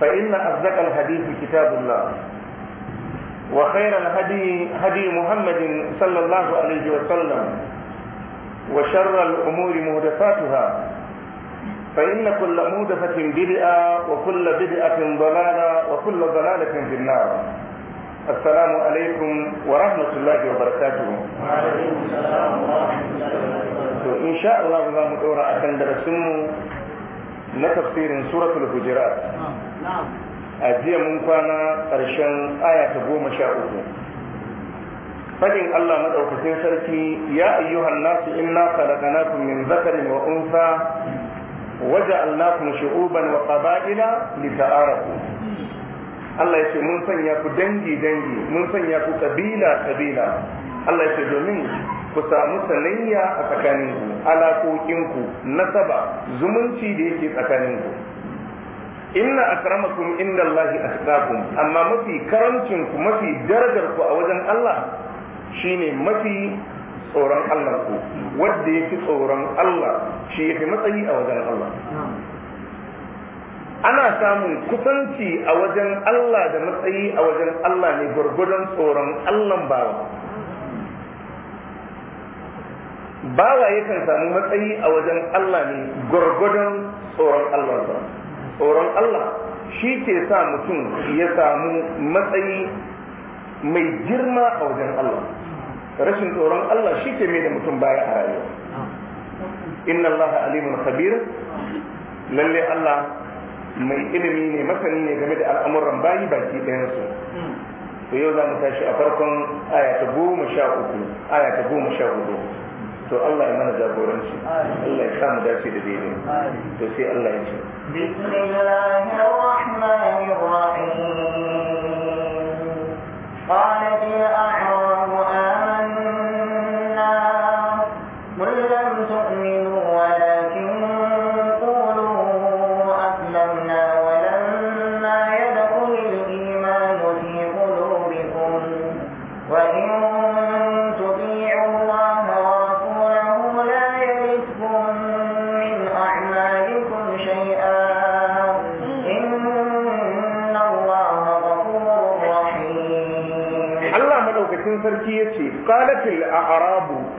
فإن أصدق الحديث كتاب الله وخير الهدي هدي محمد صلى الله عليه وسلم وشر الأمور مهدفاتها فإن كل مهدفة بدعة وكل بدعة ضلالة وكل ضلالة في النار السلام عليكم ورحمة الله وبركاته وعليكم السلام ورحمة الله وبركاته إن شاء الله za mu ɗora a سورة darasinmu na نعم. a jiya mun kwana ƙarshen aya ta goma sha uku fadin Allah maɗaukacin sarki ya ayyuhan nasu inna khalaqnakum min zakari wa untha waja'alnakum shu'uban wa qaba'ila lita'arafu Allah ya ce mun sanya ku dangi dangi mun sanya ku kabila kabila Allah ya ce domin ku samu sanayya a tsakaninku alakokinku, nasaba zumunci da yake tsakaninku inna akramakum indallahi atqakum amma mafi karancin ku mafi darajar ku a wajen Allah shine mafi tsoron Allah ku wanda yake tsoron Allah shi yake matsayi a wajen Allah ana samun kusanci a wajen Allah da matsayi a wajen Allah ne gurgudan tsoron Allah bawa bawa yakan samu matsayi a wajen Allah ne gurgudan tsoron Allah ba tsoron Allah shi ke sa mutum ya samu matsayi mai girma a wajen Allah rashin tsoron Allah shi ke mai da mutum baya a rayuwa inna Allah alimun khabir lalle Allah mai ilimi ne masani ne game da al'amuran bayi baki ɗayansu to yau za mu tashi a farkon aya goma sha uku aya goma sha hudu to Allah ya mana jagoranci Allah ya sa mu dace da daidai to sai Allah ya ce bismillahir rahmanir rahim قالت الأعراب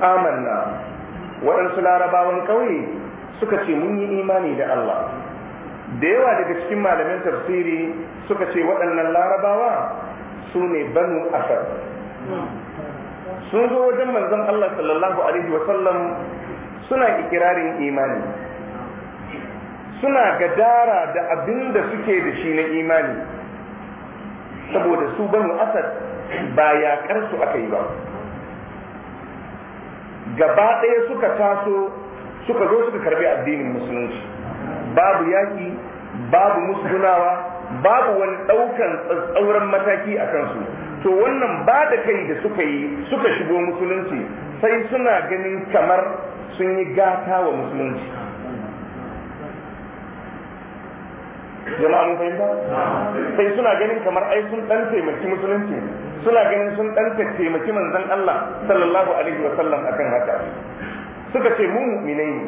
amanna waɗansu larabawan ƙauye suka ce mun yi imani da Allah da yawa daga cikin malamin tafsiri suka ce waɗannan larabawa su ne banu Asar. sun zo wajen manzon Allah sallallahu alaihi sallam suna ikirarin imani suna gadara da abin da suke da shi na imani saboda su banu Asar ba yaƙar su aka yi ba gaba ɗaya suka taso suka zo suka karbi addinin musulunci babu yaƙi, babu musgunawa babu wani ɗaukan tsauran mataki a kansu to wannan ba da kai da suka yi suka shigo musulunci sai suna ganin kamar sun yi gata wa musulunci jama'a mun fahimta sai suna ganin kamar ai sun dan taimaki musulunci suna ganin sun dan taimaki manzon Allah sallallahu alaihi wa sallam akan haka suka ce mu mu'minai ne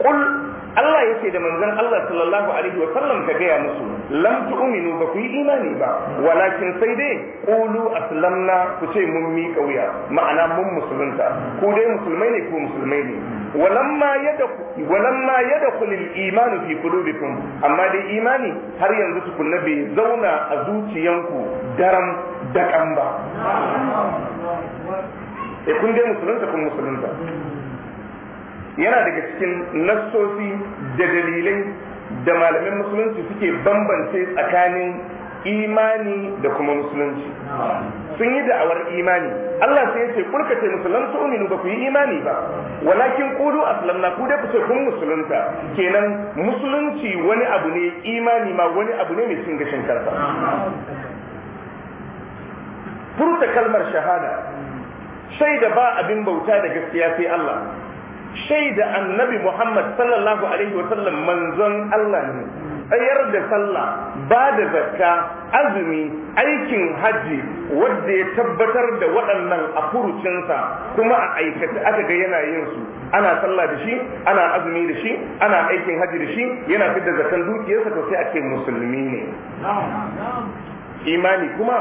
qul Allah yake da manzon Allah sallallahu alaihi wa sallam ka gaya musu lam tu'minu ba ku yi imani ba walakin sai dai qulu aslamna ku ce mun mi kauya ma'ana mun musulunta ku dai musulmai ne ku musulmai ne walamma ya walamma yadkhul al-iman fi kulubikum amma dai imani har yanzu tukunna bai zauna a zuciyanku daram da daƙan ba eh, kun dai musulunta kun musulunta yana daga cikin nassosi da dalilai da malamin musulunci suke bambance tsakanin imani da kuma musulunci sun yi da'awar imani Allah sai ya ce kulka ce musulun tu'minu ba ku yi imani ba walakin qulu aslamna ku da ku ce kun musulunta kenan musulunci wani abu ne imani ma wani abu ne mai cin gashin karfa furta kalmar shahada da ba abin bauta da gaskiya sai Allah shaida annabi Muhammad sallallahu alaihi wa sallam manzon Allah ne tsayar da sallah ba da zakka azumi aikin hajji, wanda ya tabbatar da waɗannan a furucinsa kuma a aikata aka ga yana yin su ana sallah da shi ana azumi da shi ana aikin hajji da shi yana fidda zakkan dukiyarsa to sai a ce musulmi ne imani kuma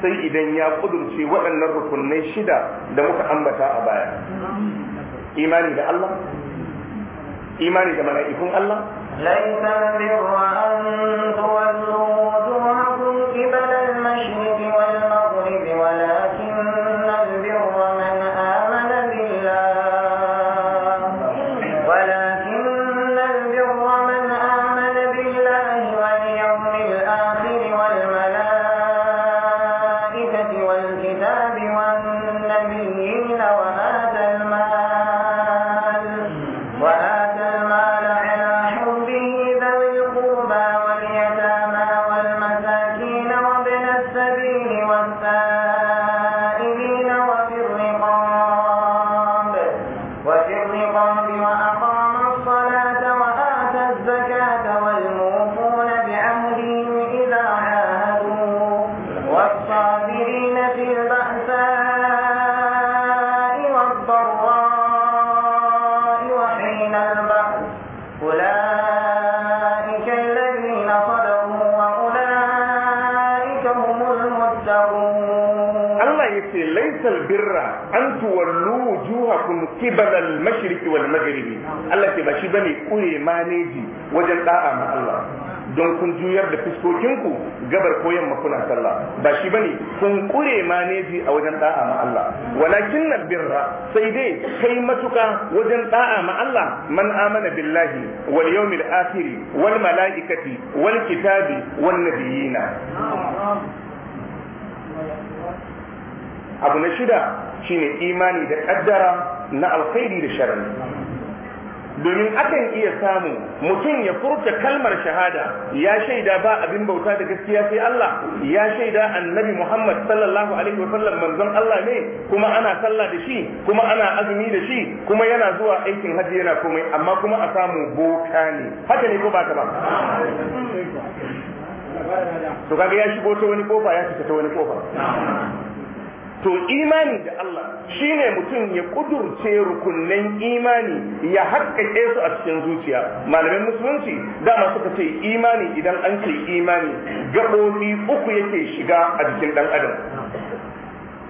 sai idan ya kudurce waɗannan rukunai shida da muka ambata a baya imani da Allah imani da mala'ikun Allah laisa birra an yace laysal birra an tuwallu wujuhakum qibala al-mashriq wal maghribi Allah ke ba shi bane kure maneji wajen da'a ma Allah don kun juyar da fuskokinku gabar ko yamma kuna sallah ba shi bane kun kure maneji a wajen da'a ma Allah walakin na birra sai dai kai matuka wajen da'a ma Allah man amana billahi wal yawmil akhir wal malaikati wal kitabi wan nabiyina abu na shida shi ne imani da kaddara na alkhairi da sharri domin akan iya samu mutum ya furta kalmar shahada ya shaida ba abin bauta da gaskiya sai Allah ya shaida annabi Muhammad sallallahu alaihi wasallam manzon Allah ne kuma ana sallah da shi kuma ana azumi da shi kuma yana zuwa aikin hajji yana komai amma kuma a samu boka ne haka ne ko ba ta ba to kaga ya shigo ta wani kofa ya fita ta wani kofa to imani da Allah shine mutum ya kudurce rukunnan imani ya haƙƙaƙe su a cikin zuciya malamin musulunci dama suka ce imani idan an ce imani gaɓoɓi uku yake shiga a jikin ɗan adam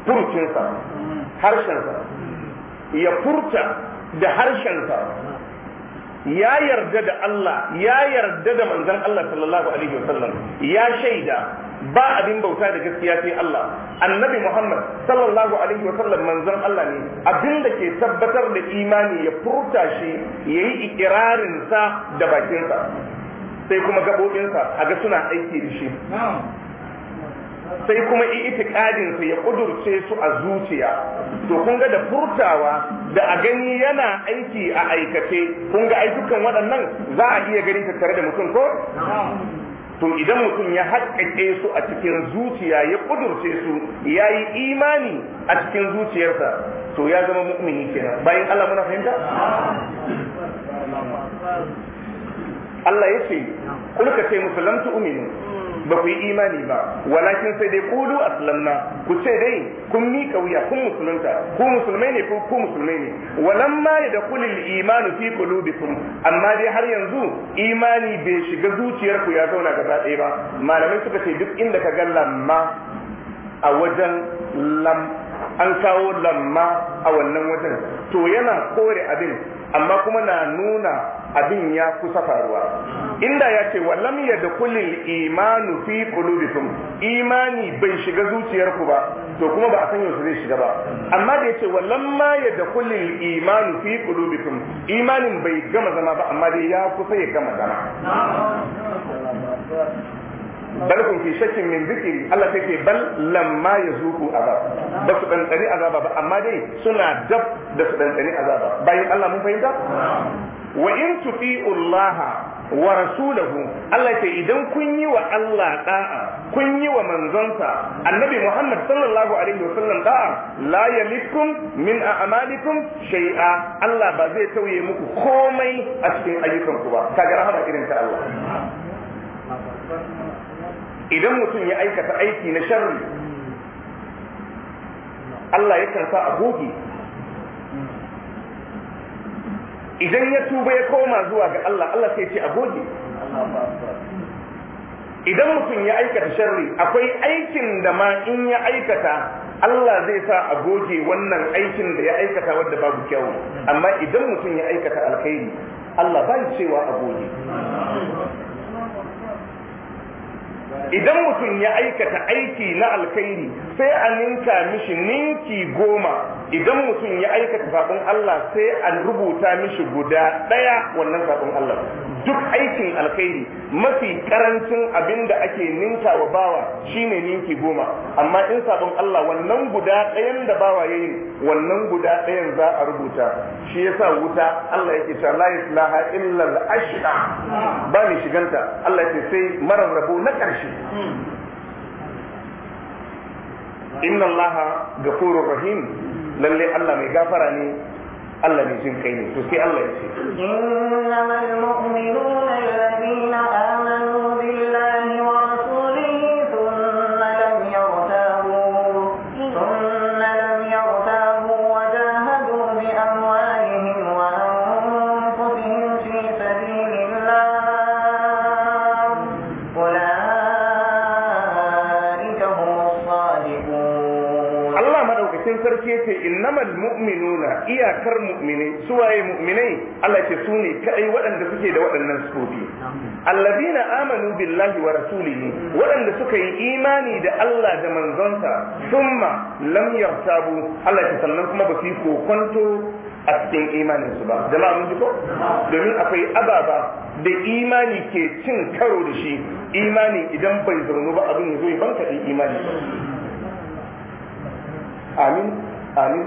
furucinsa harshensa ya furta da harshensa ya yarda da Allah ya yarda da manzon Allah sallallahu alaihi wasallam ya shaida ba abin bauta da gaskiya sai Allah annabi Muhammad sallallahu alaihi wa sallam manzon Allah ne abin da ke tabbatar da imani ya furta shi yayi ikirarin sa da bakin sa sai kuma gabobin sa aga suna aiki da shi sai kuma itikadin sa ya kudurce su a zuciya to kun ga da furtawa da a gani yana aiki a aikace kun ga ai waɗannan za a iya ganin tattare da mutum ko to idan mutum ya haƙƙaƙe su a cikin zuciya ya ƙudurce su ya yi imani a cikin zuciyarsa to ya zama mu'mini kenan bayan Allah muna fahimta Allah ya ce kulka ce musulman tu'minu ba ku yi imani ba walakin sai dai kudu aslamna ku ce dai kun mika wuya kun musulunta ku musulmai ne ku musulmai ne da kulil imanu fi qulubikum amma dai har yanzu imani bai shiga zuciyarku ya zauna gaba ɗaya ba malamai suka ce duk inda ka ga lamma a wajen lam an kawo lamma a wannan wajen to yana kore abin amma kuma na nuna abin ya kusa faruwa inda ya ce wallam ya da kulil imanu fi qulubikum imani bai shiga zuciyarku ba to kuma ba a san yaushe zai shiga ba amma da yace wallam ma ya da kulil imanu fi qulubikum imanin bai gama zama ba amma dai ya kusa ya gama zama bal kun fi shakkin min zikiri Allah take bal lamma yazuku azab ba su dan tsani azaba ba amma dai suna dab da su dan tsani azaba bayan Allah mun fahimta wa in tufi'u Allah wa rasulahu Allah ce idan kun yi wa Allah da'a kun yi wa manzonsa annabi Muhammad sallallahu alaihi wa sallam da'a la yalikum min a'malikum shay'a Allah ba zai tauye muku komai a cikin ayyukanku ba kaga rahama irin ta Allah idan mutum ya aikata aiki na sharri Allah ya karsa a goge idan ya tuba ya koma zuwa ga Allah Allah sai ce a goge idan mutum ya aikata sharri akwai aikin da ma in ya aikata Allah zai sa a goge wannan aikin da ya aikata wadda babu kyau amma idan mutum ya aikata alkhairi Allah bai cewa a goge idan mutum ya aikata aiki na alkhairi sai a ninka mishi ninki goma idan mutum ya aikata sabon Allah sai a rubuta mishi guda ɗaya wannan sabon Allah duk aikin alkhairi mafi karancin abin da ake ninka wa bawa shine ninki goma amma in sabon Allah wannan guda ɗayan da bawa ya yi wannan guda ɗayan za a rubuta shi yasa wuta Allah yake cewa la ilaha illa al-ashqa ba ni shiganta Allah yake sai marar rabo na ƙarshe shi inna Allah gafurur rahim lalle Allah mai gafara ne Allah mai jin kai ne to sai Allah ya ce inna innamal mu'minuna alladhina mu'minuna iyakar mu'minai suwaye mu'minai Allah ke su ne kadai waɗanda suke da waɗannan sifofi allazina amanu billahi wa rasulihi waɗanda suka yi imani da Allah da manzonsa summa lam yartabu Allah ke sannan kuma ba su yi kokonto a cikin imaninsu ba jama'a mun ji ko domin akwai ababa da imani ke cin karo da shi imani idan bai zaunu ba abin ya zo ya banka imani amin amin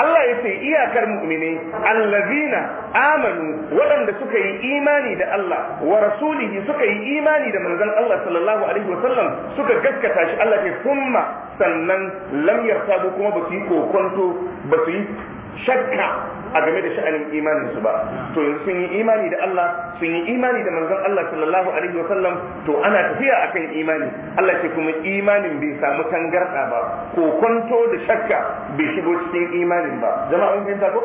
Allah ya ce iyakar mu'mini allazina amanu waɗanda suka yi imani da Allah wa rasulihi suka yi imani da manzon Allah sallallahu alaihi suka gaskata shi Allah ya ce sannan lam yartabu kuma ba su yi kokonto ba su yi shakka a game da sha'anin imanin su ba to yanzu sun yi imani da Allah sun yi imani da manzon Allah sallallahu alaihi wa sallam to ana tafiya akan imani Allah ce kuma imanin bai samu tangarda ba ko kwanto da shakka bai shigo cikin imanin ba jama'a mun fahimta ko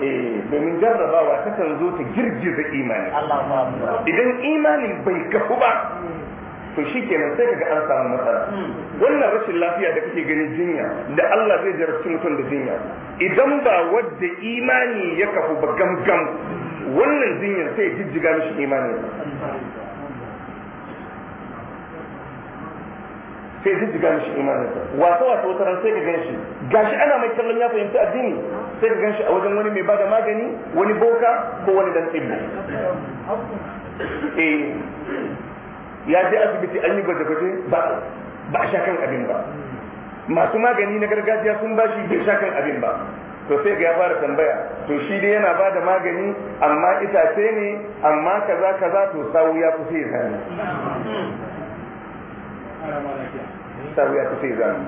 eh domin jarrabawa takan zo ta girgiza imani idan imanin bai kafu ba to shi kenan sai kaga an samu matsala wannan rashin lafiya da kake ganin jinya da Allah zai jarabci mutum da jinya idan ba wadda imani ya kafu ba gamgam wannan jinyar sai jijjiga mishi imani sai jiga mishi ta. wasa wasa wata ran sai ka gan shi gashi ana mai kallon ya fahimci addini sai ka gan shi a wajen wani mai bada magani wani boka ko wani dan tsibbi eh ya je asibiti an yi gwaje-gwaje ba ba a shakan abin ba masu magani na gargajiya sun ba shi bai shakan abin ba to sai ga ya fara tambaya to shi dai yana ba da magani amma itace ne amma kaza kaza to sawu ya fi sai zani sawu ya fi sai zani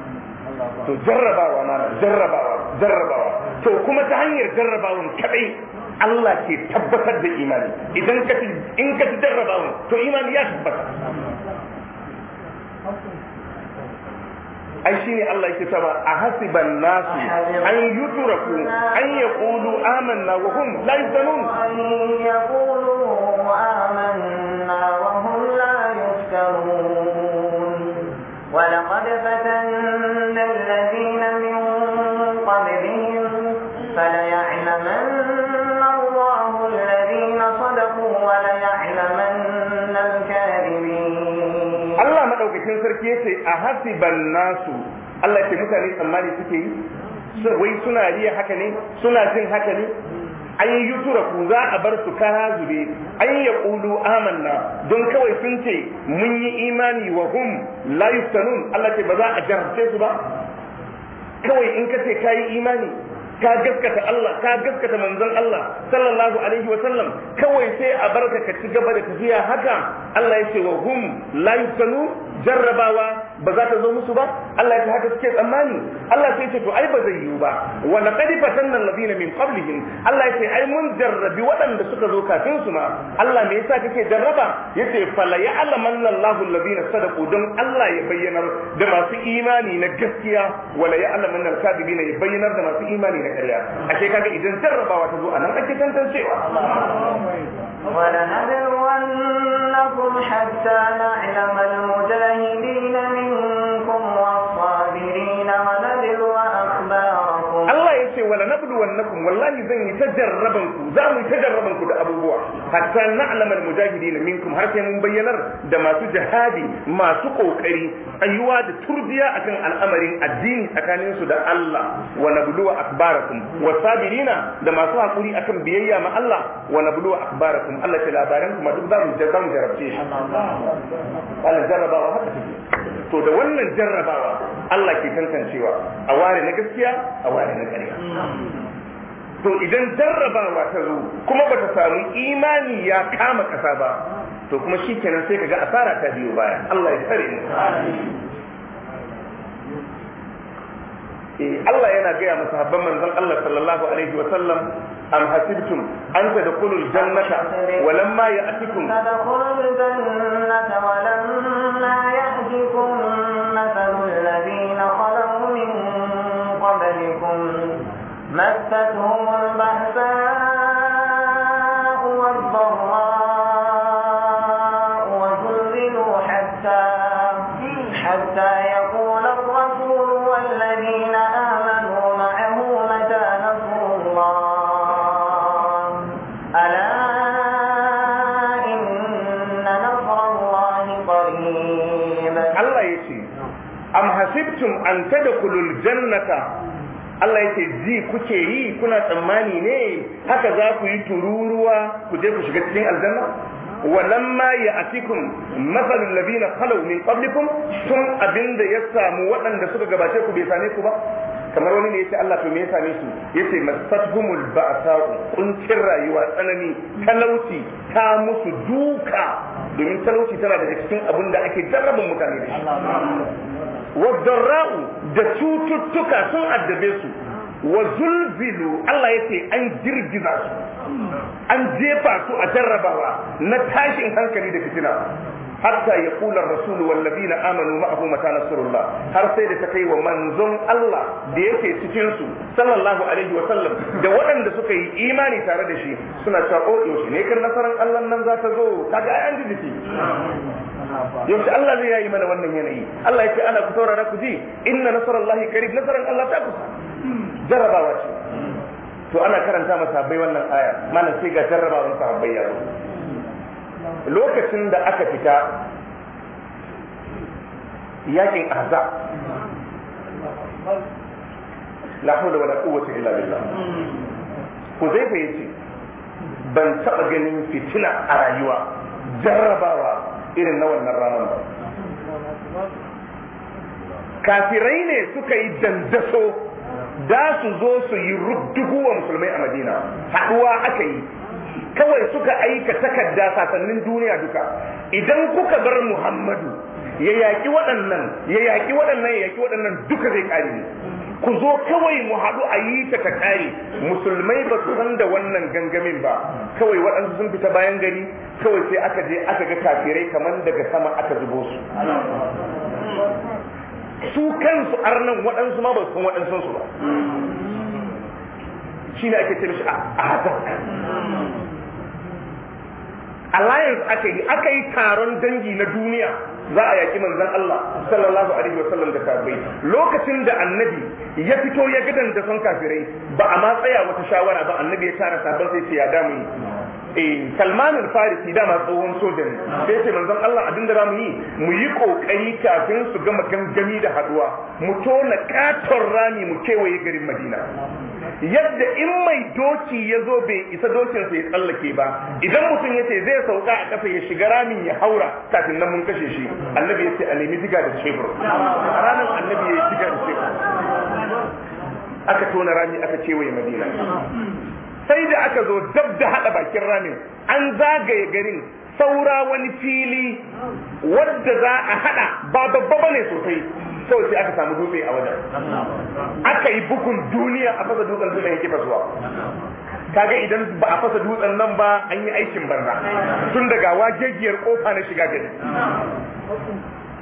to jarrabawa mana jarrabawa jarrabawa to kuma ta hanyar jarrabawan kadai Allah ke tabbatar da imani idan ka in ka ci jarrabawa to imani ya tabbata ai shine Allah yake saba a hasiban nasu an yutraku an yaqulu amanna wa hum la yuftanun yaqulu amanna wa hum la yuftanun cikin sarki yace hasiban nasu Allah ke mutane tsammani suke yi wai suna riya haka ne suna jin haka ne an yi yutura ku za a bar su kara zube an ya ƙulu amanna don kawai sun ce mun yi imani wa hum la yuftanun Allah ce ba za a jarce su ba kawai in ka ce ka yi imani ka gaskata Allah ka gaskata manzon Allah sallallahu alaihi wa sallam kawai sai a barka ka ci gaba da tafiya haka Allah ya ce wa hum la yuftanu jarrabawa ba za ta zo musu ba Allah ya haka suke tsammani Allah sai ce to ai ba zai yiwu ba wa laqad fatanna alladhina min qablihim Allah ya ce ai mun jarrabi waɗanda suka zo kafin su ma Allah me yasa kake jarraba yace fala ya'lamanna Allahu alladhina sadaqu dan Allah ya bayyanar da masu imani na gaskiya wala ya'lamanna al-kadhibina ya bayyanar da masu imani na ƙarya ashe kaga idan jarrabawa ta zo anan ake tantancewa ولنبلونكم حتى نعلم المجاهدين منكم wallahi zan yi ta jarraban ku za mu yi ta jarraban ku da abubuwa hatta na'lamal mujahidin minkum har sai mun bayyanar da masu jihadi masu kokari ayyuwa da turbiya akan al'amarin addini tsakanin su da Allah wa nabluwa akbarakum wa sabirina da masu hakuri akan biyayya ma Allah wa nabluwa akbarakum Allah ta labarin kuma duk za mu jarrabce shi Allah jarrabawa haka take to da wannan jarrabawa Allah ke tantancewa a ware na gaskiya a ware na ƙarya to idan jarrabawa ta zo kuma bata samu imani ya kama kasa ba to kuma shikenan sai kaga asara ta biyo baya Allah ya tsare mu eh, Allah yana gaya masa habban manzon Allah sallallahu alaihi wa sallam am hasibtum an tadkhulul jannata walamma ya'tikum tadkhulul jannata walamma مستهم البأساء والضراء وزلزلوا حتى حتى يقول الرسول والذين آمنوا معه متى نصر الله ألا إن نصر الله قريب الله يسي أم حسبتم أن تدخلوا الجنة Allah ya ce zi kuke yi kuna tsammani ne haka za ku yi tururuwa ku je ku shiga cikin aljanna walamma ya atikum masalul ladina khalaw min qablikum tun abinda ya samu waɗanda suka gabace ku bai same ku ba kamar wani ne yace Allah to me ya same su ya yace masathumul ba'sa'u kuncin rayuwa tsanani talauci ta musu duka domin talauci tana da cikin abin da ake jarrabin mutane da shi wadarra'u da cututtuka sun addabe su wa zulzilu Allah ya ce an girgiza su an jefa su a jarrabawa na tashin hankali da fitina hatta ya kula rasulu wallazi na amanu ma'ahu mata nasrullah har sai da ta kai wa manzon Allah da yake cikin su sallallahu alaihi wa sallam da waɗanda suka yi imani tare da shi suna cewa o ne kar nasaran Allah nan za ta zo kaga ai an ji yaushe Allah zai yayi mana wannan yanayi Allah yake ana ku saurara ku ji inna nasarallahi qarib nasaran Allah ta kusa Jarrabawa ce to ana karanta masa bai wannan aya mana sai ga jarrabawan sahabbai ya lokacin da aka fita yakin azza la hawla wala quwwata illa billah ko zai fa ban taba ganin fitina a rayuwa jarrabawa irin na wannan ranar kafirai ne suka yi dandaso da su zo su yi rubdugu musulmai a madina haɗuwa aka yi kawai suka aika takarda sasannin duniya duka idan kuka bar muhammadu ya yaƙi waɗannan ya yaƙi waɗannan ya yaƙi waɗannan duka zai ƙare ne ku zo kawai mu haɗu a yi ta ta kare musulmai ba su san da wannan gangamin ba kawai waɗansu sun fita bayan gari kawai sai aka je aka ga kafirai kamar daga sama aka zubo su su kansu arnan waɗansu ma ba su san waɗansu ba shi ne ake ce mishi a alliance ake yi aka yi taron dangi na duniya za a yaki manzon Allah sallallahu alaihi wa sallam da kafirai lokacin da annabi ya fito ya gidan da son kafirai ba a ma tsaya wata shawara ba annabi ya tara sabon sai ce ya damu eh Salman al-Farisi dama tsohon soja ne sai ce manzon Allah abin da mu yi mu yi kokari kafin su gama gangami da haduwa mu tona katon rami mu kewaye garin Madina yadda in mai doki ya zo bai isa dokinsa ya tsallake ba idan mutum ya ce zai sauka a ƙasa ya shiga ramin ya haura kafin nan mun kashe shi annabi ya ce a nemi diga da shebur a ranar annabi ya yi diga da shebur aka tona rami aka cewaye madina sai da aka zo dab da haɗa bakin ramin an zagaye garin saura wani fili wadda za a hada ba babba bane sosai sau sai aka samu dutse a wajen aka yi bukun duniya a fasa dutsen dutsen yake fasuwa kaga idan ba a fasa dutsen nan ba an yi aikin barna tun daga wajejiyar kofa na shiga gari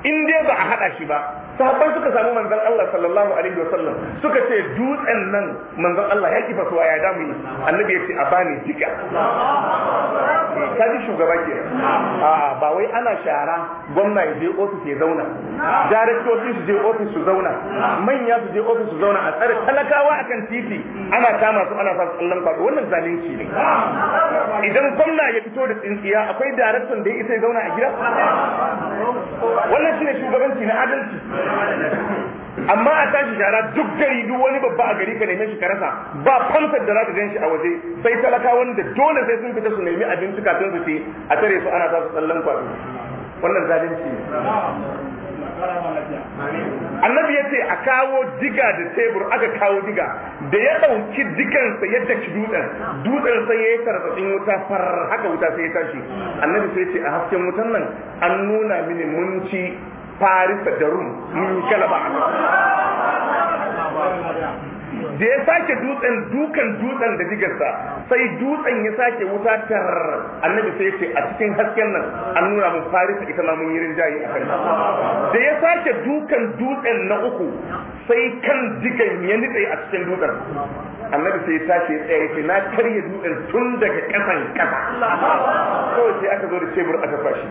in dai ba a hada shi ba sahabban suka samu manzon Allah sallallahu alaihi wa sallam suka ce dutsen nan manzon Allah ya kifa suwa ya damu annabi ya ce a bani jika ka ji shugaba ke a ba wai ana shara gwamna ya je ofis ya zauna daraktoci su je ofis su zauna manya su je ofis su zauna a tsare talakawa akan titi ana kama su ana fasa tsallon kwaɗo wannan zalunci ne idan gwamna ya fito da tsintsiya akwai daraktan da ya isa ya zauna a gida wannan shine shugabanci na adalci amma a tashi shara duk gari duk wani babba a gari ka neme shi ka ba fansar da za ka ganshi a waje sai talaka wanda dole sai sun fita su nemi abinci kafin su ce a tare su ana za su tsallan kwaɗo wannan zalunci ne annabi ya ce a kawo diga da tebur aka kawo diga da ya ɗauki digansa yadda ki dutsen dutsen sai ya yi tarzatsin wuta farar haka wuta sai ya tashi annabi sai ce a hasken wutan nan an nuna mini mun ci farisa da rum mun yi kalaba da ya sake dutsen dukan dutsen da jigarsa sai dutsen ya sake wuta tar annabi sai ya ce a cikin hasken nan an nuna mun farisa ita ma mun yi rinjaye a kan da ya sake dukan dutsen na uku sai kan digan ya nitse a cikin dutsen annabi sai ya tashi ya ce, na karya dutsen tun daga kasan kasa kawai sai aka zo da cebur aka fashi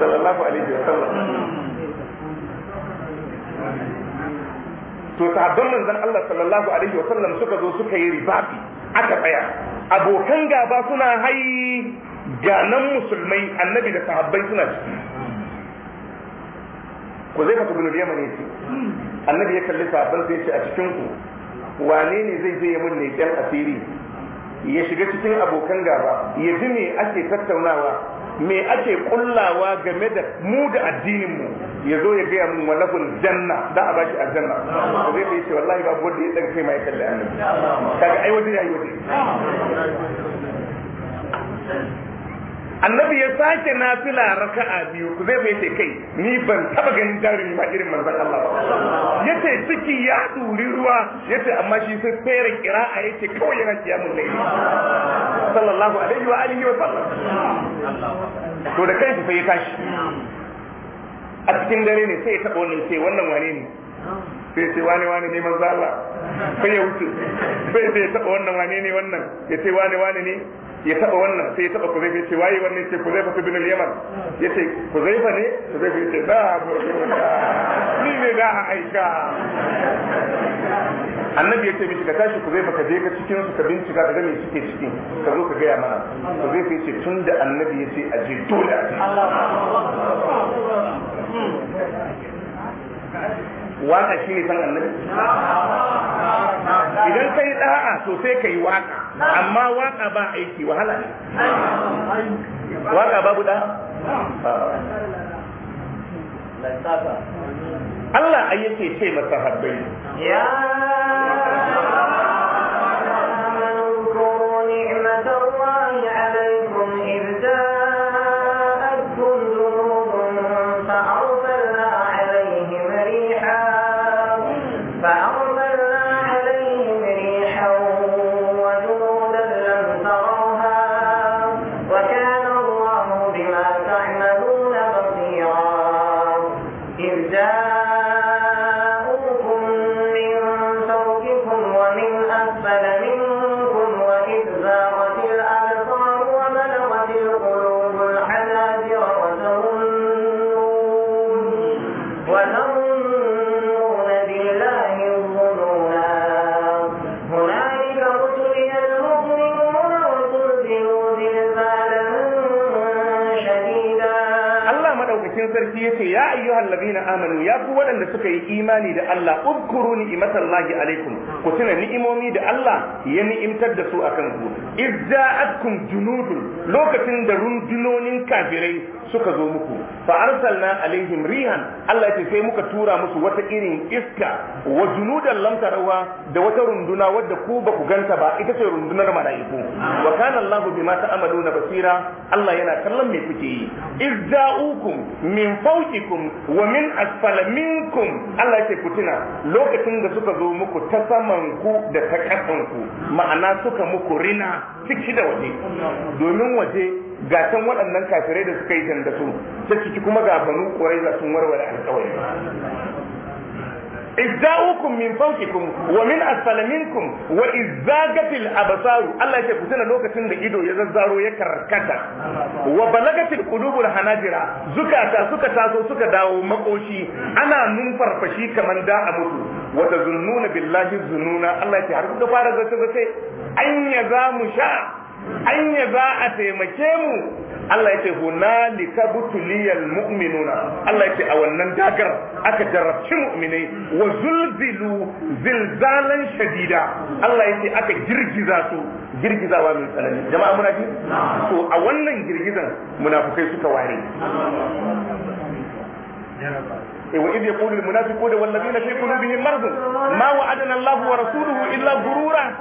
sallallahu alaihi wasallam to sahabban manzon Allah sallallahu alaihi wa sallam suka zo suka yi ribabi aka tsaya abokan gaba suna hayi nan musulmai annabi da sahabbai suna ciki ku zai ka tubinu yaman ne annabi ya kalli sahabban sai ce a cikin ku wane ne zai je mun ne asiri ya shiga cikin abokan gaba ya ji me ake tattaunawa me ake kullawa game da mu da addinin mu ya zo ya gaya mun walakul janna da a bashi aljanna zai bai ce wallahi babu wanda ya daga kai mai kalli annabi kaga ai wani wani annabi ya sake nafila raka'a biyu ku zai mai ce kai ni ban taba ganin jarumi ba irin manzon Allah ba yace ciki ya duri ruwa yace amma shi sai tsere kira'a yace kawai yana mun laili sallallahu alaihi wa alihi wa sallam to da kai sai ya tashi a cikin dare ne sai ya taɓa wannan sai wannan wane ne sai sai wani wani ne manzo Allah sai ya wuce sai ya taɓa wannan wane ne wannan ya ce wani wani ne ya taba wannan sai ya taba ku ya ce waye wannan ce ku zaifa ku binul yaman ya ce zaifa ne ku ya ce da ni ne da aika annabi ya ce mishi ka tashi ku zaifa ka je ka cikin su ka bincika ka gani suke cikin ka zo ka gaya mana ku zai ce tun da annabi ya ce a je dole a waka shi ne san annabi idan kai da'a to sai kai waka amma waka ba aiki wahala ne waka babu da Allah ai yake ce masa habbai ya اذكروا نعمة الله عليكم imani da Allah udkuru ni'matallahi alaikum ku tuna ni'imomi da Allah ya ni'imtar da su akan ku izza'atkum junudun lokacin da rundunonin kafirai suka zo muku fa arsalna alaihim rihan Allah ya sai muka tura musu wata irin iska wa junudan lam tarawa da wata runduna wadda ku ba ku ganta ba ita ce rundunar mala'iku wa kana Allahu bima ta'maluna basira Allah yana kallon me kuke yi izza'ukum min fawqikum wa min asfala minkum Allah ya ce ku lokacin da suka zo muku ta saman ku da ta kasan ku ma'ana suka muku rina ciki da waje domin waje ga can waɗannan kafirai da suka yi tanda su ta ciki kuma ga banu ƙuraiza sun warware alƙawari izza'ukum min fawqikum wa min asfala minkum wa izzagatil absaru Allah ya ku tuna lokacin da ido ya zazzaro ya karkata wa balagatil qulubul hanajira zukata suka taso suka dawo makoshi ana numfarfashi kaman da a mutu wa tazunnuna billahi zununa Allah ya har kuka fara zace zace an ya za mu sha anya za a taimake mu Allah ya ce hunalika butuliyal mu'minuna Allah ya ce a wannan dakar aka jarrabci mu'minai wa zulzilu zilzalan shadida Allah ya ce aka girgiza su girgizawa mai tsanani jama'a muna ji to a wannan girgizan munafukai suka ware وإذ يقول المنافقون والذين في قلوبهم مرض ما وعدنا الله ورسوله إلا غرورا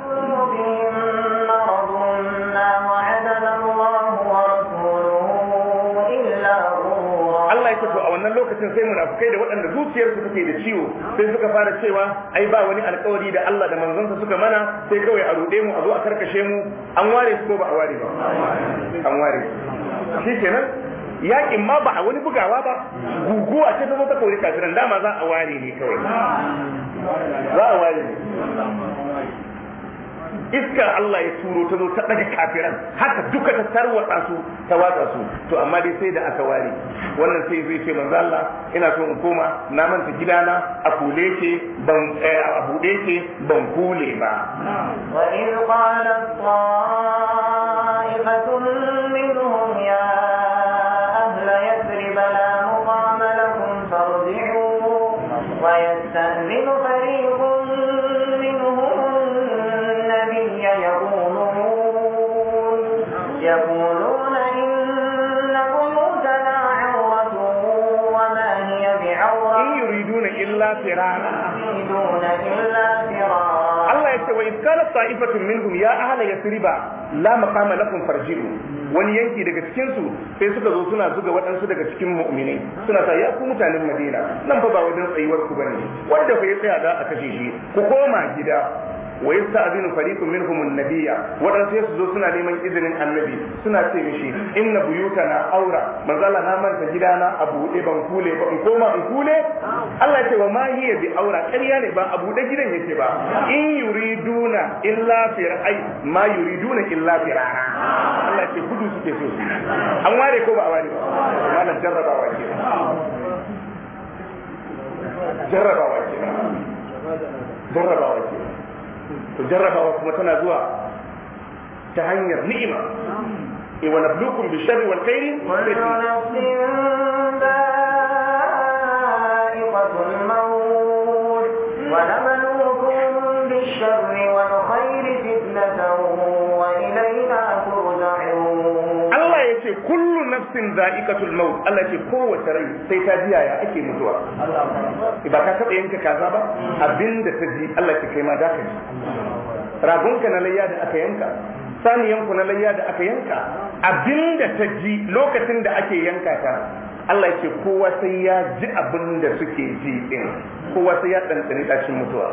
Allah ya a wannan lokacin sai munafukai da waɗanda zuciyarsu take da ciwo sai suka fara cewa ai ba wani alkawari da Allah da manzansa suka mana sai kawai a ruɗe mu a zo a karkashe mu an ware su ko ba a ware ba an ware shi kenan yakin ma ba a wani bugawa ba guguwa ce ta zo ta kafin nan dama za a ware ne kawai za a ware ne iskar Allah ya turo ta zo ta daga kafiran haka duka ta tarwatsa su ta watsa su to amma dai sai da aka ware wannan sai zai ce manzo Allah ina so in koma na manta gidana a kule ke ban eh, a bude ke ban kule ba wa in qala ta'ifatul فرارا Allah ya ce wa in a ta'ifatun minhum ya ahla yasriba la maqama wani yanki daga cikin su sai suka zo suna zuga waɗansu daga cikin mu'minai suna ta ya ku mutanen Madina nan fa ba wajen tsayuwar ku bane wanda fa ya tsaya da a kashe shi ku koma gida wa yasta'dinu fariqun minhum an-nabiyya wadan sai su zo suna neman izinin annabi suna ce mishi inna buyutana aura manzo Allah na manta gidana a buɗe ban kule ba in koma in kule Allah ya ce wa ma hiya bi aura kariya ne ba a buɗe gidan yake ba in yuriduna illa fir'ai ma yuriduna illa fir'ana Allah ya ce gudu suke so an ware ko ba a ware ba malam jarrabawa ke jarrabawa ke jarrabawa ke to jarrabawa kuma tana zuwa ta hanyar ni'ima wa nablukum bi sharri wal khairi Allah ya ce kullu nafsin za'iqatul maut Allah ce kowace rai sai ta ji yaya ake mutuwa ba ka taɓa yanka kaza ba abinda ta ji Allah ce kai ma da ka ji ragunka na layya da aka yanka saniyanku na layya da aka yanka abinda ta ji lokacin da ake yanka ta Allah ya ce kowa sai ya ji abin da suke ji din kowa sai ya ɗanɗani ɗacin mutuwa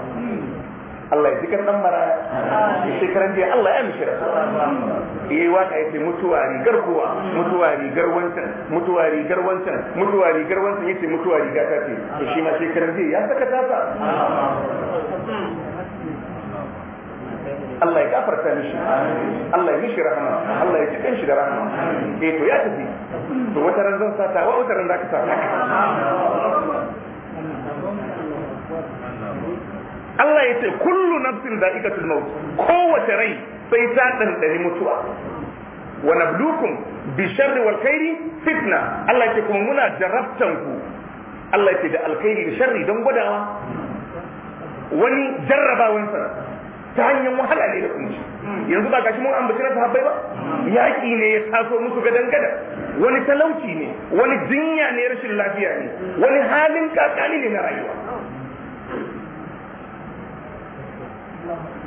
Allah ya ji kan ɗan maraya shekaran jiya Allah ya mishi rasu ya waka ya ce mutuwa rigar kowa mutuwa rigar wancan mutuwa rigar wancan mutuwa rigar wancan ya ce mutuwa riga ta ce to shi ma shekaran jiya ya saka tasa Allah ya gafarta mishi Allah ya mishi rahama Allah ya ji kan shi da rahama eh to ya tafi to wata ran zan sata wa wata ran zaka sata Allah ya ce kullu nafsin da'iqatul maut kowace rai sai ta dandani mutuwa wa nablukum bi sharri wal khairi fitna Allah ya ce kuma muna jarrabtan ku Allah ya ce da alkhairi da sharri don gwadawa wani jarrabawansa ta hanyar wahala ne da kunci yanzu ba gashi mun ambaci na sahabbai ba yaƙi ne ya taso musu gadan gada, wani talauci ne wani jinya ne rashin lafiya ne wani halin kakani ne na rayuwa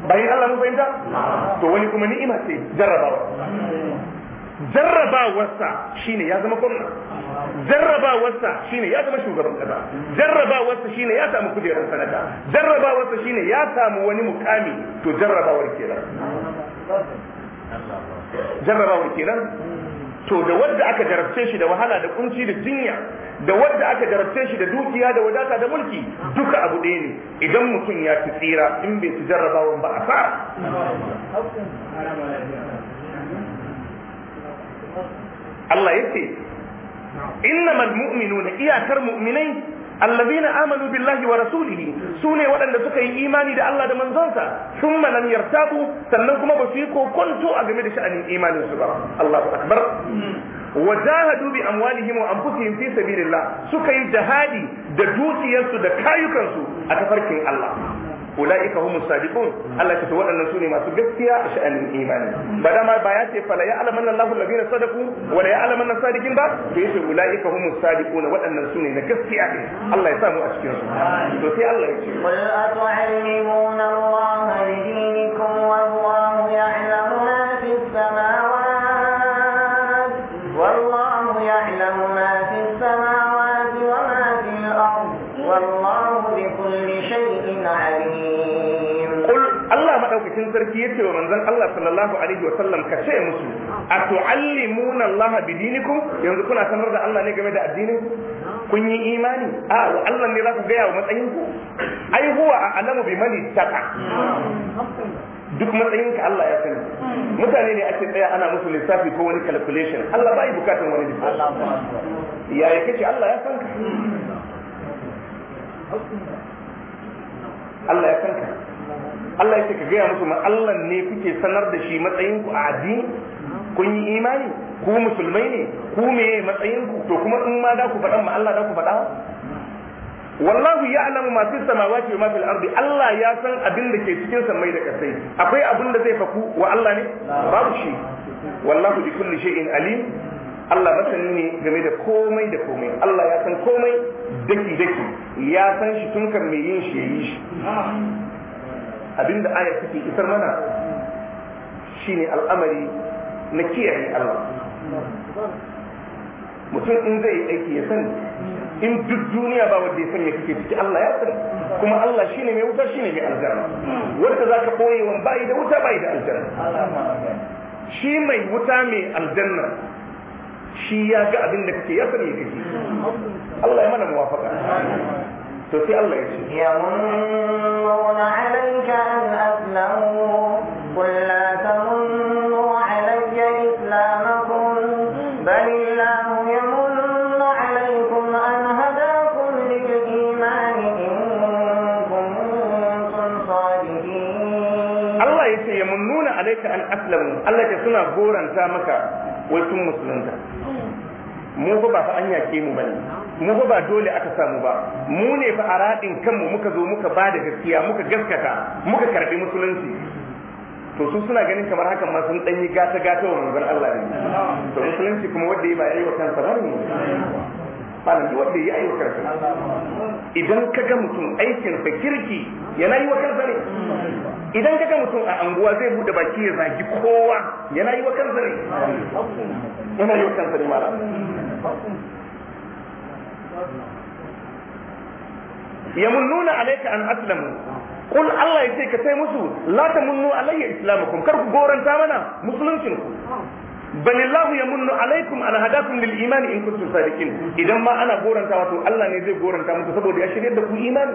bayan Allah mun fahimta to wani kuma ni'ima ce jarrabawa jarrabawarsa shine ya zama gwamna jarrabawarsa shine ya zama shugaban kasa jarrabawarsa shine ya samu kujerar sanata jarrabawarsa shine ya samu wani mukami to jarrabawar kenan jarrabawar kenan to da wadda aka jarabce shi da wahala da kunci da jinya da wadda aka jarabce shi da dukiya da wadata da mulki duka abu ɗaya ne idan mutum ya fi tsira in bai ci jarrabawan ba a fara. Allah yace muminu mu'minuna iyakar mu'minai allazina amanu billahi wa rasulihi sune waɗanda suka yi imani da Allah da manzonsa thumma lam yartabu sannan kuma ba su yi kokonto a game da sha'anin imanin su ba Allahu akbar hmm. wajahadu bi amwalihim wa anfusihim fi sabilillah suka yi jihadi da dukiyarsu da kayukansu a tafarkin Allah ulaika humu sadiqun Allah ya ce waɗannan sune masu gaskiya a sha'anin imani ba da ma ba ya ce fala ya alamanna Allahu alladhina sadaqu wa la ya alamanna sadiqin ba to yace ulaika humus sadiqun waɗannan sune na gaskiya ne Allah ya samu a cikin su to sai Allah ya ce wa ya Allah yace wa manzon Allah sallallahu alaihi wa sallam ka ce musu atu'allimuna Allah bidinikum yanzu kuna sanar da Allah ne game da addinin kun yi imani a Allah ne za ku gaya wa matsayin ku ai huwa a'lamu bimani taqa duk matsayinka Allah ya sani mutane ne ake tsaya ana musu lissafi ko wani calculation Allah bai bukatan wani lissafi yaya ce Allah ya san ka Allah ya san ka Allah ce ka gaya musu Allah ne kuke sanar da shi matsayin ku a addini kun yi imani ku musulmai ne ku me matsayin ku to kuma in ma da ku faɗa ma Allah da ku faɗa wallahu ya'lamu ma fi samawati wa ma fil ardi Allah ya san abin da ke cikin samai da kasai akwai abin da zai faku wa Allah ne babu shi wallahu bi kulli shay'in alim Allah masani ne game da komai da komai Allah ya san komai daki daki ya san shi tun kan mai yin shi yayi shi abinda ayar take isar mana shine al'amari na kiyaye Allah mutum in zai aiki ya sani in duk duniya ba wanda ya sanya kake ciki Allah ya sani kuma Allah shine mai wuta shine mai aljanna wanda zaka koye wan bai da wuta bai da aljanna shi mai wuta mai aljanna shi ya ga abin da kake ya sani kake Allah ya mana muwafaka to sai Allah ya ce ya mununa alayka an aslamu qul la tamunnu alayya islamakum bal illahu yamunnu alaykum an hadakum lil Allah ya ce ya mununa alayka an aslamu suna goranta maka wai musulunta hmm. mu ba fa an yake mu bane mu ba dole aka samu ba mu ne fa a raɗin kanmu muka zo muka ba da gaskiya muka gaskata muka karɓi musulunci to su suna ganin kamar hakan ma sun danyi gata gata wa manzon Allah ne to musulunci kuma wanda ya ba yi wa kansa ba ne malam duk wanda ya yi wa kansa idan ka ga mutum aikin sa kirki yana yi wa kansa ne idan ka ga mutum a anguwa zai bude baki ya zagi kowa yana yi wa kansa ne yana yi wa kansa ne malam yamununa alayka an aslamu kul Allah ya ce ka sai musu la tamunnu alayya islamakum kar ku goranta mana musuluncin balillahu yamunnu alaikum an hadakum lil imani in kuntum sadiqin idan ma ana goranta wato Allah ne zai goranta muku saboda ya shirye da ku imani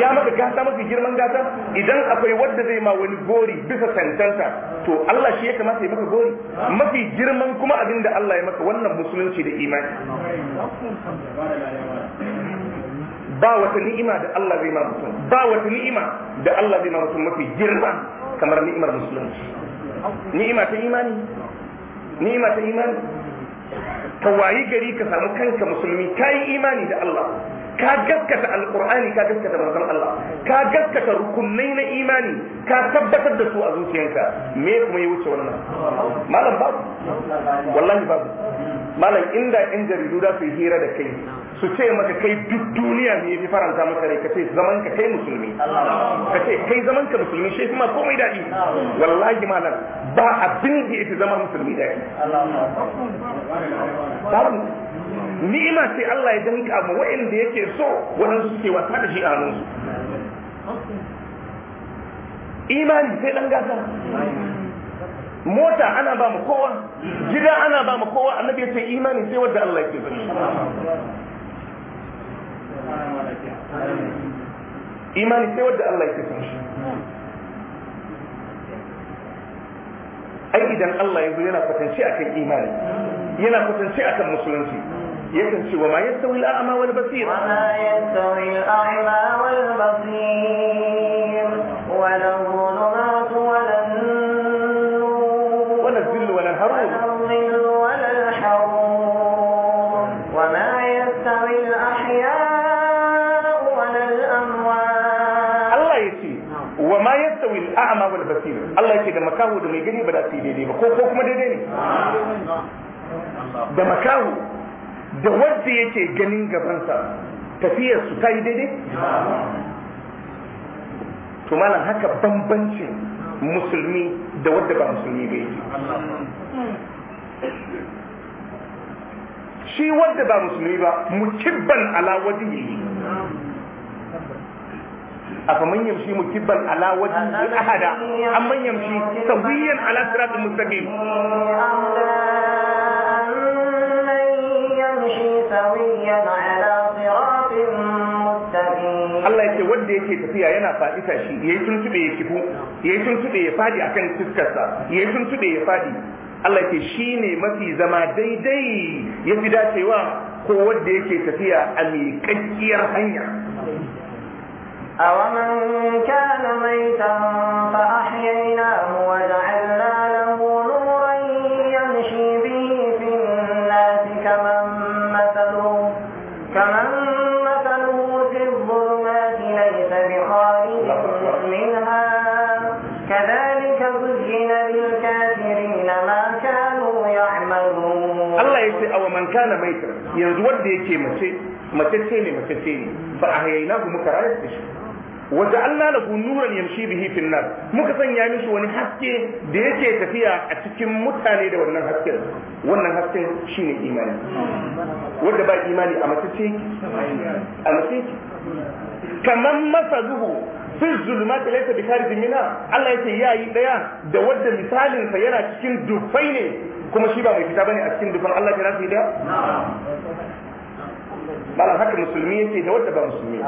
ya maka gata mafi girman gata idan akwai wanda zai ma wani gori bisa tantanta to Allah shi ya kamata ya maka gori mafi girman kuma abin Allah ya maka wannan musulunci da imani ba wata ni'ima da Allah zai ma mutum ba wata ni'ima da Allah zai ma mutum mafi girma kamar ni'imar musulunci ni'ima ta imani ni ma ta imani ka wayi gari ka samu kanka musulmi ka yi imani da Allah ka gaskata alkur'ani ka gaskata manzon Allah ka gaskata rukunai na imani ka tabbatar da su a zuciyarka me kuma ya wuce wannan malam babu wallahi babu malam inda yan jaridu za su yi hira da kai su ce maka kai duk duniya ne fi faranta maka rai kace zaman ka kai musulmi kace kai zaman ka musulmi shi kuma komai dadi wallahi malam ba abin da yake zama musulmi dadi ni'ima ce Allah ya danka mu wa'anda yake so wannan suke wata da shi a hannunsu imani sai dan gasa mota ana ba mu kowa gida ana ba mu kowa annabi ya ce imani sai wanda Allah yake so imani sai wadda Allah ya son shi ai idan Allah ya zo yana kwatance akan imani yana kwatance akan musulunci yakan ce wa ma yastawi al-a'ma wal basir wa ma yastawi al-a'ma wal basir wa lahu makahu da mai gani ba za su yi daidai ba ko kuma daidai ne da makahu da wanda yake ganin gabansa tafiyar su ta yi daidai to malam haka bambancin musulmi da wadda ba musulmi ba yake shi wadda ba musulmi ba mukibban ala yi أفمن يمشي مكبا على وجهه أحدا أمن يمشي سويا على صراط مستقيم Allah yake wanda yake tafiya yana faɗi tashi yayi tuntube ya kifu yayi tuntube ya fadi akan fuskarsa yayi tuntube ya fadi Allah yake shine mafi zama daidai yafi dacewa ko wanda yake tafiya a miƙaƙƙiyar hanya أومن كان ميتا فأحييناه وجعلنا له نورا يمشي به في الناس كمن مثله, كمن مثله في الظلمات ليس بخارج منها كذلك زين للكافرين ما كانوا يعملون الله يسأل ومن كان ميتا يزود يكي مشي متسيني متسيني فأحييناه مكراية بشيء وجعلنا له نورا يمشي به في النار muka sanya mishi wani haske da yake tafiya a cikin mutane da wannan hasken wannan hasken shine imani wanda ba imani a mace a mace kaman masa zuhu, fi zulumati laysa bi kharijin minha Allah yake yayi daya da wanda misalin yana cikin dufai ne kuma shi ba mai fita bane a cikin dufan Allah ta rafi da malam haka musulmi yake da wanda ba musulmi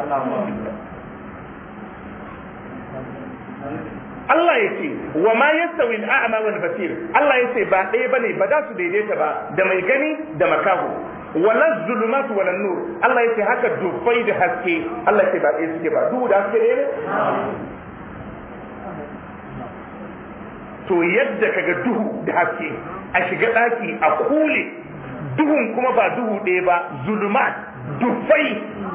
Allah ya ce wa ma yastawi al-a'ma wani basir Allah ya ce ba ɗaya bane ba za su daidaita ba da mai gani da makaho wala zulumatu wala nur Allah ya ce haka dufai da haske Allah ya ce ba ɗaya suke ba duhu da haske ne to yadda ka ga duhu da haske a shiga ɗaki a kule duhun kuma ba duhu ɗaya ba zulumat dufai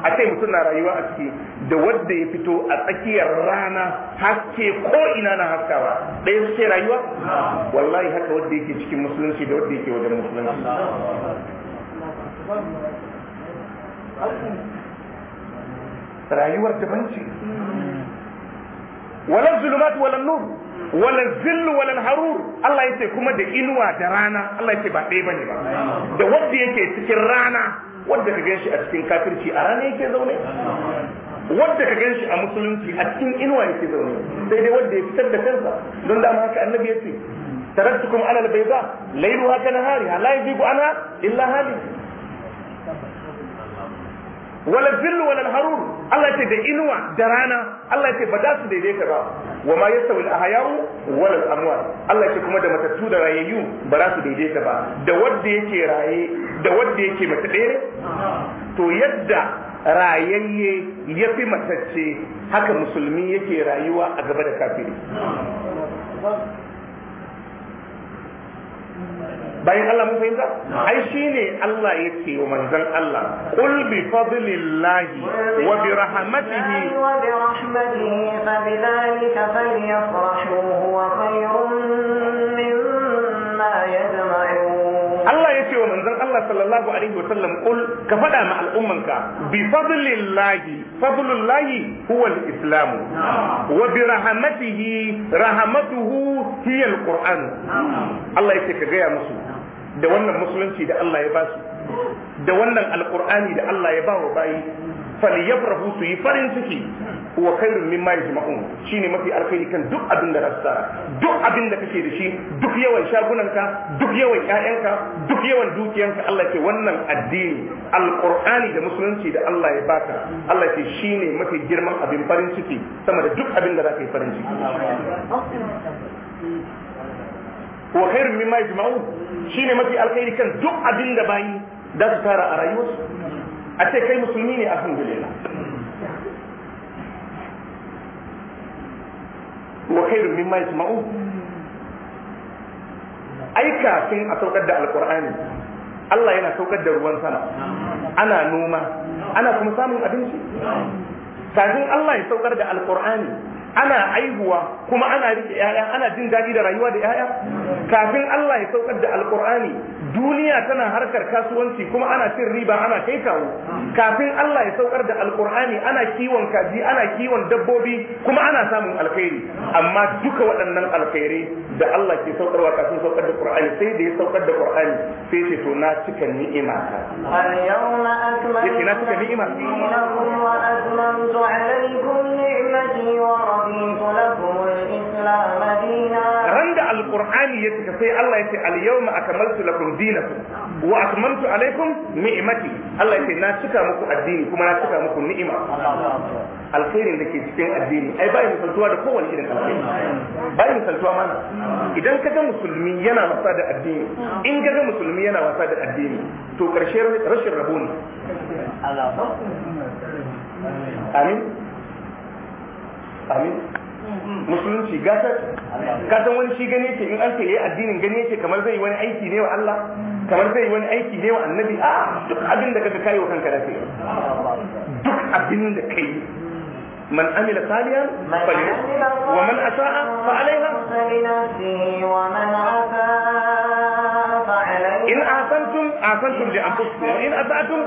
a ce mutum na rayuwa a ciki da wadda ya fito a tsakiyar rana haske ko ina na haskawa ɗaya ce rayuwa wallahi haka wadda yake cikin musulunci da wadda yake wajen musulunci rayuwar daban ce wala zulumat wala nur walan zill walan harur Allah ce kuma da inuwa da rana Allah ce ba ɗaya bane ba da wanda yake cikin rana wanda ka ganshi a cikin kafirci a rana yake zaune wanda ka ganshi a musulunci a cikin inuwa yake zaune sai dai wanda ya fitar da kansa don dama haka annabi ya ce tarattukum ala albayda layluha kanahariha la yazigu anha illa hali? wala zil wala harur Allah ce da inuwa da rana Allah ce ba za su daidaita ba wa ma yasawi ahyau wala amwat Allah ce kuma da matattu da rayayyu ba za su daidaita ba da wanda yake raye da wanda yake ɗaya to yadda rayayye ya fi matacce haka musulmi yake rayuwa a gaba da kafiri bayan Allah mun fahimta ai shine Allah yake wa manzon Allah qul bi fadlillahi wa bi rahmatihi wa bi rahmatihi fa bidhalika falyafrahu huwa khayrun Allah sallallahu alaihi wa sallam kul ka faɗa ma al'ummanka bi fadlillahi fadlullahi huwa al-islam wa bi rahmatihi rahmatuhu hiya al-qur'an Allah yake ka gaya musu da wannan musulunci da Allah ya basu da wannan alqur'ani da Allah ya ba wa bayi falyafrahu su yi farin ciki wa khairun mimma yajma'un shine mafi alkhairi kan duk abin da rasta duk abin da kake da shi duk yawan shagunanka duk yawan ƴaƴanka duk yawan dukiyanka Allah ke wannan addini alqur'ani da musulunci da Allah ya baka Allah ke shine mafi girman abin farin ciki sama da duk abin da zaka yi farin ciki wa khairun mimma yajma'un shine mafi alkhairi kan duk abin da bayi da su tara a rayuwarsu a ce kai musulmi ne alhamdulillah wa khairu mimma yasma'u ai kafin a saukar da alqur'ani Allah yana saukar da ruwan sana. ana noma ana kuma samun abinci kafin Allah ya saukar da alqur'ani ana aihuwa kuma ana rike ‘ya'ya ana jin daɗi da rayuwa da ‘ya'ya kafin Allah ya saukar da alkur'ani duniya tana harkar kasuwanci kuma ana cin riba ana kai kawo kafin Allah ya saukar da alkur'ani ana kiwon kaji ana kiwon dabbobi kuma ana samun alkhairi amma duka waɗannan alkhairi da Allah ke saukarwa kafin saukar da qur'ani sai da ya saukar da qur'ani sai ce to na cika ni'ima ta al-yawma akmaltu رضيت لكم الإسلام دينا رند القرآن يتكفي الله يتي اليوم أكملت لكم دينكم allah ya نعمتي na cika ناشكا addini kuma na cika مكو نعمة alkhairin da ke cikin addini ai bai misaltuwa da kowane irin alkhairi bai misaltuwa mana idan ka ga musulmi yana wasa da addini in ka ga musulmi yana wasa da addini to karshe rashin rabo ne amin amin musulunci gasar kasan wani shi gane ce in an ce yayi addinin gane ce kamar zai wani aiki ne wa Allah kamar zai wani aiki ne wa annabi a ah, duk abin da kaga kai wa kanka da kai duk abin da kai من عمل صالحا فلنفسه ومن أساء فعليها ومن أساء إن أحسنتم أحسنتم لأنفسكم وإن أسأتم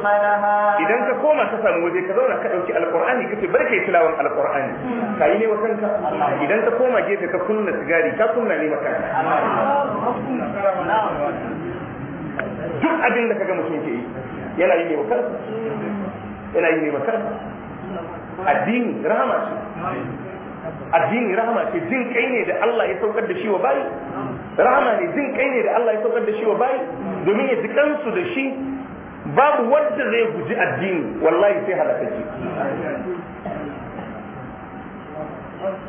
fala. idan ka koma ka samu waje ka zauna ka ɗauki alƙur'ani ka bar barke tilawan alƙur'ani ka yi ne wa kanka idan ka koma gefe ka kunna sigari ka kunna ne maka duk abin da ga mutum ke yi yana yi ne wa kansa yana yi ne wa kansa addini rahama ce addini rahama ce jin kai ne da Allah ya saukar da shi wa bayi rahama ne jin kai ne da Allah ya saukar da shi wa bayi domin ya ji kansu da shi babu wanda zai guji addini wallahi sai ce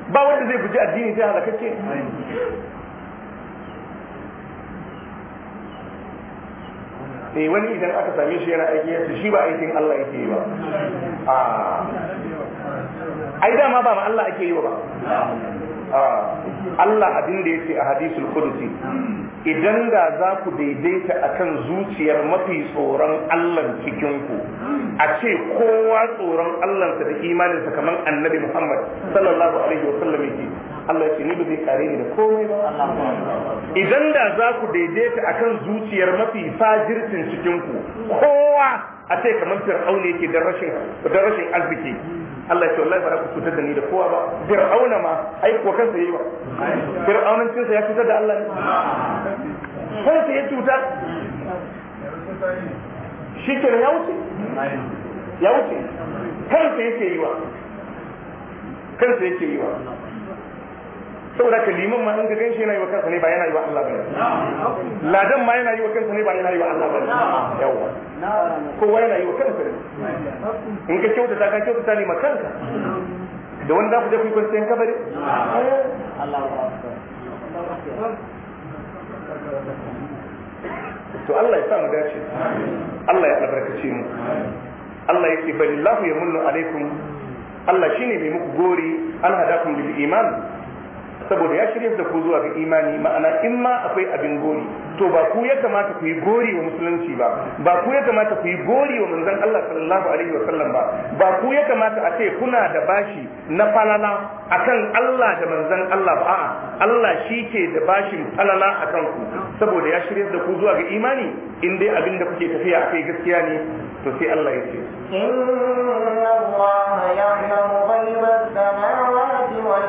ba wanda zai guji addini sai ce eh wani idan aka same shi yana aiki yace shi ba aikin Allah yake yi ba ah. ai dama ba ma Allah ake yi ba ah, Allah abin da yake a hadisul qudsi idan da za ku daidaita akan zuciyar mafi tsoron Allah cikin ku a ce kowa tsoron Allah sa da imanin sa kamar Annabi Muhammad sallallahu alaihi wa sallam yake Allah ya ce ni ba zai kare ni da komai ba idan da za ku daidaita akan zuciyar mafi fajircin cikin ku kowa a ce kamar Fir'auna yake da rashin da rashin arziki Allah ya ce wallahi ba za ku cutar da ni da kowa ba fir'auna ma ai ko kansa yayi ba cin sa ya cutar da Allah ne sai ya cutar shi ke ya wuce ya wuce kansa yake yi wa kansa yake yi wa saboda ka liman ma in ka ganshi yana yi wa kansa ne ba yana yi wa Allah bane ladan ma yana yi wa kansa ne ba yana yi wa Allah bane yawa kowa yana yi wa kansa ne in ka kyautata ka kyautata ne ma kanka da wanda ku je ku yi kwanciyar kabari to Allah ya sa mu dace Allah ya albarkace mu Allah ya ce balillahu lahu yamunnu alaikum Allah shine mai muku gori an hadakum bil iman saboda ya shirya da ku zuwa ga imani ma'ana in ma akwai abin gori to ba ku ya kamata ku yi gori wa musulunci ba ba ku ya kamata ku yi gori wa manzon Allah sallallahu alaihi wasallam ba ba ku ya kamata a ce kuna da bashi na falala akan Allah da manzon Allah ba a'a Allah shi ke da bashin falala akan ku saboda ya shirya da ku zuwa ga imani in dai abin da kuke tafiya akai gaskiya ne to sai Allah ya ce inna Allah ya'lamu ghaibas samawati wal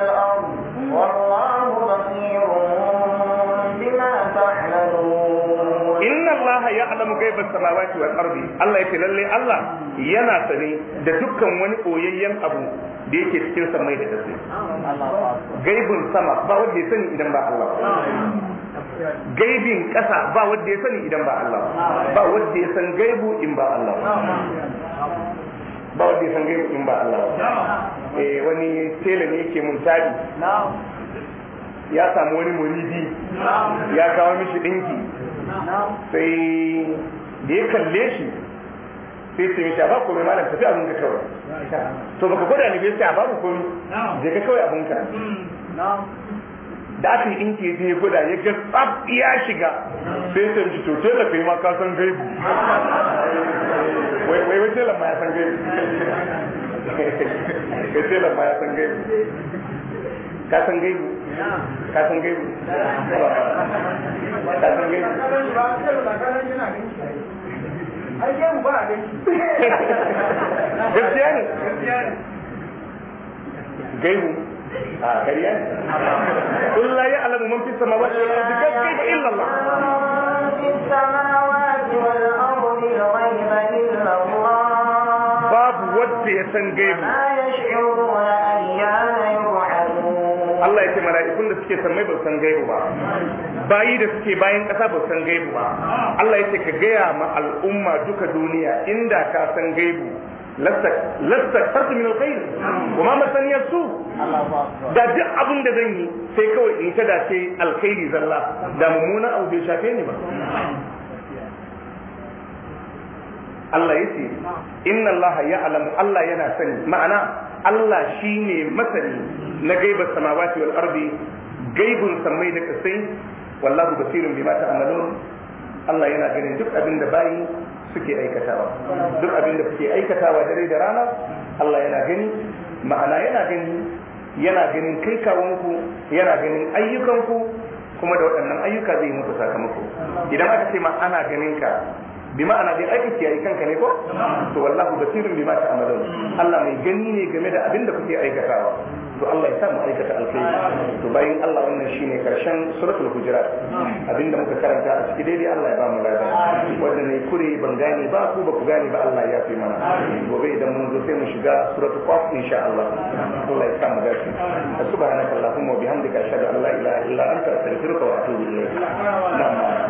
ghaibas samawati wal ardi Allah yake lalle Allah yana sani da dukkan wani koyayyen abu da yake cikin samai da ƙasa gaibin sama ba wanda ya sani idan ba Allah gaibin ƙasa ba wanda ya sani idan ba Allah ba wanda ya san gaibu in ba Allah ba wanda ya san gaibu in ba Allah eh wani tela ne yake mun tabi ya samu wani muridi ya kawo mishi dinki sai da ya kalle shi sai sai mishi ba komai malam tafi abin ka kawai to baka gwada ne bai sai ba ku komai je ka kawai abin ka da aka yi inki ya gwada ya ga tsab ya shiga sai sai mishi to tela kai ma ka san gaibu wai wai tela ma ya san wai tela ma ya san ka san ka san ka san ai ba gaskiya ne gaibu a ah, kariya man fi samawati wal ardi illa Allah babu wanda ya san gaibu ce mala'ikun da suke sammai ba san gaibu ba bayi da suke bayan ƙasa ba san gaibu ba Allah ya ce ka gaya ma al'umma duka duniya inda ka san gaibu lasta kartu min alkhair wa ma masaniyar su da duk abin da zan yi sai kawai in ta dace alkhairi zalla da mummuna abu bai shafe ni ba Allah ya ce inna Allah ya alamu Allah yana sani ma'ana Allah shi ne masani na gaibar samawati wal ardi gaibun sammai da kasai wallahu basirun bima ta'malun Allah yana ganin duk abin da bayi suke aikatawa duk abin da suke aikatawa dare da rana Allah yana gani ma'ana yana gani yana ganin kai kawunku yana ganin ayyukanku kuma da waɗannan ayyuka zai muku sakamako idan aka ce ma ana ganin ka bi ma'ana dai aiki kiyaye kanka ne ko to wallahu basirun bima ta'malun Allah mai gani ne game da abin da kuke aikatawa to Allah ya sa mu aikata alkhairi to bayan Allah wannan shine karshen suratul hujurat abinda muka karanta a cikin daidai Allah ya ba mu lada wanda ne kure ban gane ba ku ba ku gane ba Allah ya fi mana gobe idan mun zo sai mu shiga suratul qaf insha Allah Allah ya sa mu dace subhanakallahumma wa bihamdika ashhadu an la ilaha illa anta astaghfiruka wa atubu ilayk